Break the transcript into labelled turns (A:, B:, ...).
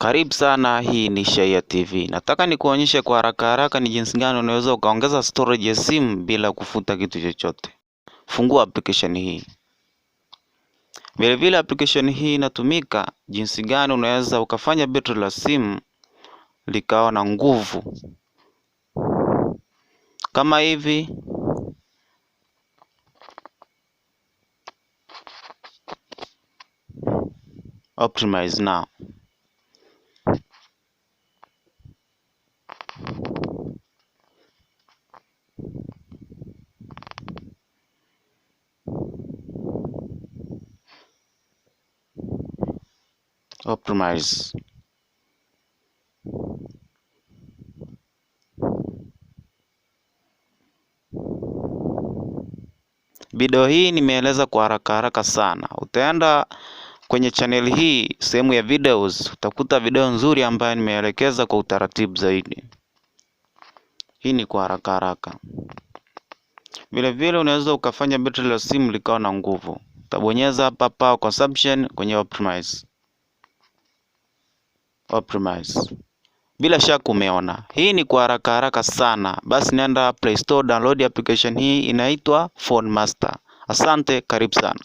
A: Karibu sana, hii ni Shayia TV. Nataka nikuonyeshe kwa haraka haraka ni jinsi gani unaweza ukaongeza storage ya simu bila kufuta kitu chochote. Fungua application hii. Vilevile application hii inatumika jinsi gani unaweza ukafanya betri la simu likawa na nguvu kama hivi. Optimize now. optimize Video hii nimeeleza kwa haraka haraka sana. Utaenda kwenye channel hii sehemu ya videos, utakuta video nzuri ambayo nimeelekeza kwa utaratibu zaidi. Hii ni kwa haraka haraka. vile vile unaweza ukafanya betri la simu likawa na nguvu, utabonyeza hapa power consumption kwenye optimize. Optimize. Bila shaka umeona hii ni kwa haraka haraka sana. Basi nenda Play Store, download application hii inaitwa Phone Master. Asante, karibu sana.